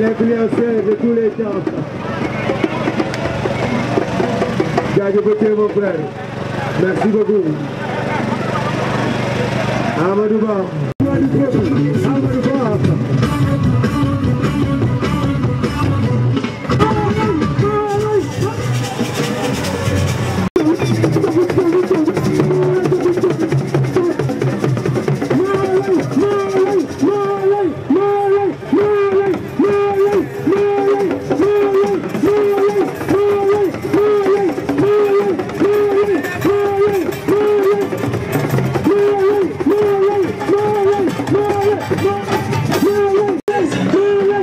l'influenceur de tous les temps. jaajëfal mon frère merci beaucoup Amadou Ba.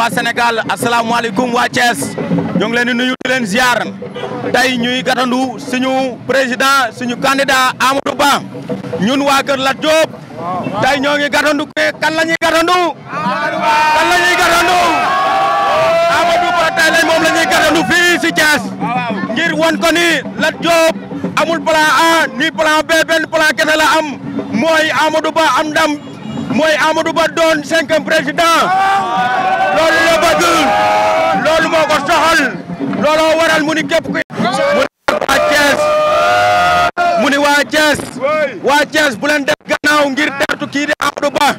waa Sénégal asalaamaaleykum waa Thiès ñu ngi leen di nuyu di leen ziar tey ñuy gàttandu suñu président suñu candidat Amadou ñun waa Kër Lat Diop tey ñoo ngi gàttandu kan la ñuy kan la ñuy gàttandu. Amadou Ba tey lañ moom la ñuy fii si Thiès ngir won ko ni Lat Diop amul plan A ni plan B benn plan kese la am mooy Amadou Ba am ndam. mooy Amadou Ba doon cinquième président loolu la bëgg loolu moo ko soxal looloo waral mu ni képp ku waa Thiès mu waa Thiès waa Thiès bu leen def ngir tertu kii di Amadou Ba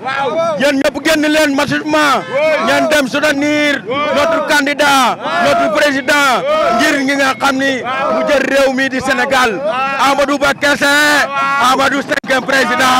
yéen ñëpp génn leen massivement ngeen dem soutenir notre candidat ngir ngi nga xam ni mu mi di Sénégal Amadou Ba kese Amadou cinquième président